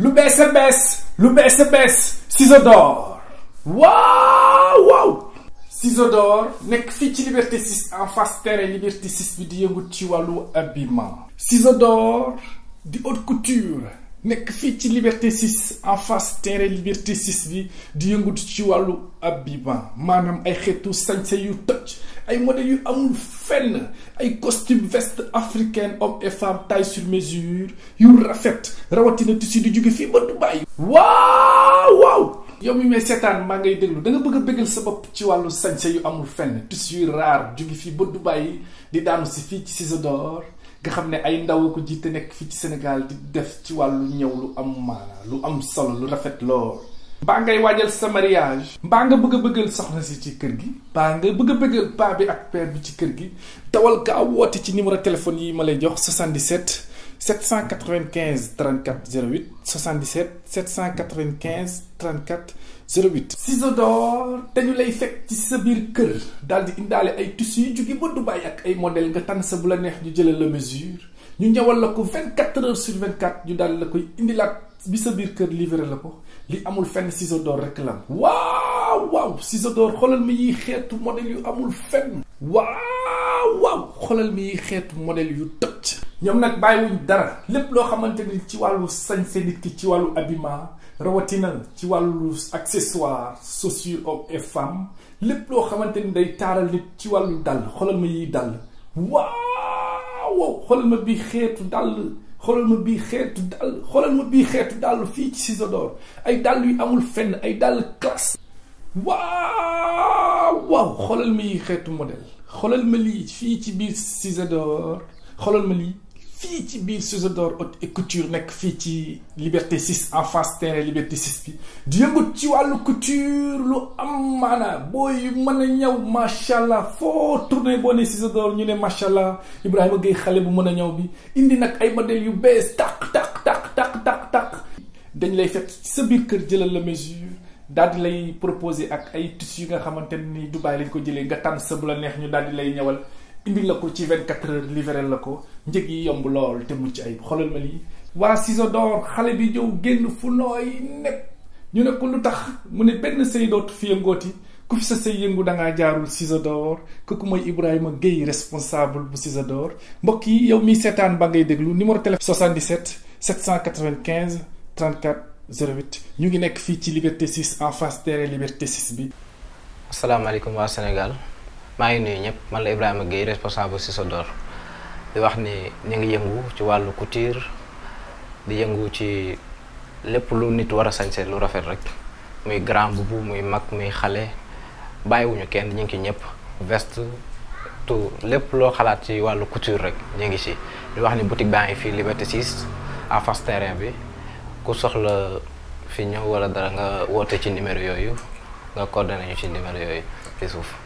lu bees a bees lu bees a bees ciseau d'or waaw waaw ciseau d'or nekk fii ci liberté 6 en face terrain liberté 6 bi di yëngu ci wàllu habillement ciseau d'or di haute couture nekk fii ci liberté 6 en face terrain liberté 6 bi di yëngu ci wàllu habillement maanaam ay xeetu sañse yu toj ay modèles yu amul fenn ay costume veste africaine om et femmes sur mesure yu rafet rawatina tissu di jóge fii ba Dubaï. waaw waaw. yow mi mais seetaan maa ngay déglu da nga bëgg a bëggal sa bopp ci wàllu sañse yu amul fenn tissu yu raar jóge fii ba Dubaï di daanu si fii ci Cissé d'or nga xam ne ay ndaw ko jiite nekk fii ci Sénégal di def ci wàllu ñëw lu am maana lu am solo lu rafet lool. mbaa ngay waajal sa mariage mbaa nga bëgg a bëggal soxna si ci kër gi mbaa nga bëgg a bëggal paa bi ak père bi ci kër gi dawal gaaw woote ci numéro téléphone yi ma lay jox 77 795 34 08 77 si 34 08 te ñu lay fekk ci sa biir kër daal di indaale ay tissus yu jóge ba Dubaï ak ay modèle nga tànn sa bu la neex ñu jëlee la mesure ñu ñawal la ko 24 heures sur 24 ñu daal la koy indilaa bi sa biir kër livré la ko li amul fenn ciseau d'or rek la am waaw waaw ciseau d'or xoolal mi yiy xeetu modèle yu amul fenn waaw waaw xoolal mi yiy xeetu modèle yu tëj ñoom nag bàyyiwuñ dara lépp loo xamante ni ci wàllu sañse nit ci wàllu habillement rawatina ci wàllu accessoire chaussures hommes et femmes lépp loo xamante ni day taaral nit ci wàllu dàll xoolal ma yiy dàll waaw waaw ma bi xeetu dàll xoolal ma bii xeetu dàll xoolal ma bii xeetu dàll fii ci Cisodor ay dàll yu amul fenn ay dàll classe waaw waaw xoolal ma yi xeetu modèle xoolal ma lii fii ci biir Cisodor xoolal ma lii fii ci biir César d'or haute et couture nekk fii ci Liberté 6 en face terrain Liberté 6 bi di yëngut ci wàllu couture lu am maanaa booy mën a ñaw macha allah foo tourné boo ne César d'or ñu ne macha allah Ibrahima Gueye xale bu mën a ñaw bi indi nag ay modèles yu bees tàq tàq tàq tàq tàq tàq. dañ lay fekk sa biir kër jëlal la mesure daal di lay proposé ak ay tissus yu nga xamante ni Dubaay lañ ko jëlee nga tànn sa bula neex ñu daal di lay ñawal. indil la ko ci vingt quatre heures livré la ko njëg yi yomb lool te mucc ayib xoolal ma lii. waa Cisodor xale bi ñëw génn fu nooy nepp ñu ne ko lu tax mu ne benn sëy dootu fi yëngooti ku fi sa sëy yëngu da ngaa jaarul Cisodor kooku mooy Ibrahima Guèye responsable bu Cisodor mbokk yi yow miy seetaan ba ngay déglu numéro téléphone 77 795 34 08 ñu ngi nekk fii ci Liberté 6 en face terrain Liberté bi. asalaamaaleykum waa Sénégal. maa ngi nuyu ñëpp man la Ibrahima Guèye responsable Sisodor di wax ni ñu ngi yëngu ci wàllu couture di yëngu ci lépp lu nit war a sañse lu rafet rek muy grand boubou muy mag muy xale bàyyiwuñu kenn ñu ngi ci ñëpp veste tout lépp loo xalaat ci wàllu couture rek ñu ngi ci di wax ni boutique baa ngi fii Liberté 6 en face terrain bi ku soxla fi ñëw wala dara nga woote ci numéro yooyu nga coordonné ñu ci numéro yooyu ci suuf